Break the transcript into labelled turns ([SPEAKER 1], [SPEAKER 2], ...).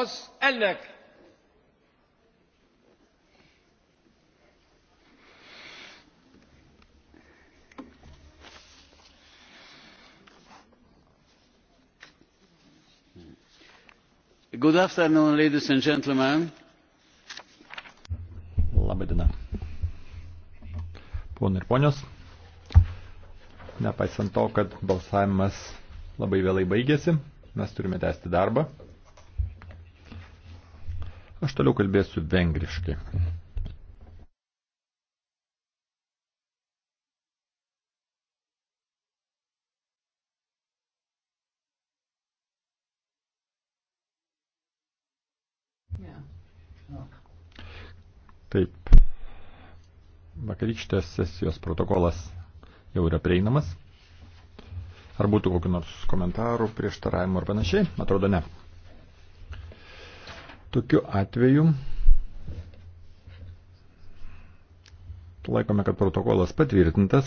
[SPEAKER 1] az ennek
[SPEAKER 2] Good afternoon, ladies and gentlemen.
[SPEAKER 3] Labadiena. Ponai ir ponios, nepaisant to, kad balsavimas labai vėlai baigėsi, mes turime tęsti darbą. Aš toliau kalbėsiu
[SPEAKER 2] vengriškai.
[SPEAKER 3] Taip. Vakarykštės sesijos protokolas jau yra prieinamas. Ar būtų kokiu nors komentaru, prieštaravimu ar panašiai? Atrodo, ne. Tokiu atveju laikome, kad protokolas patvirtintas.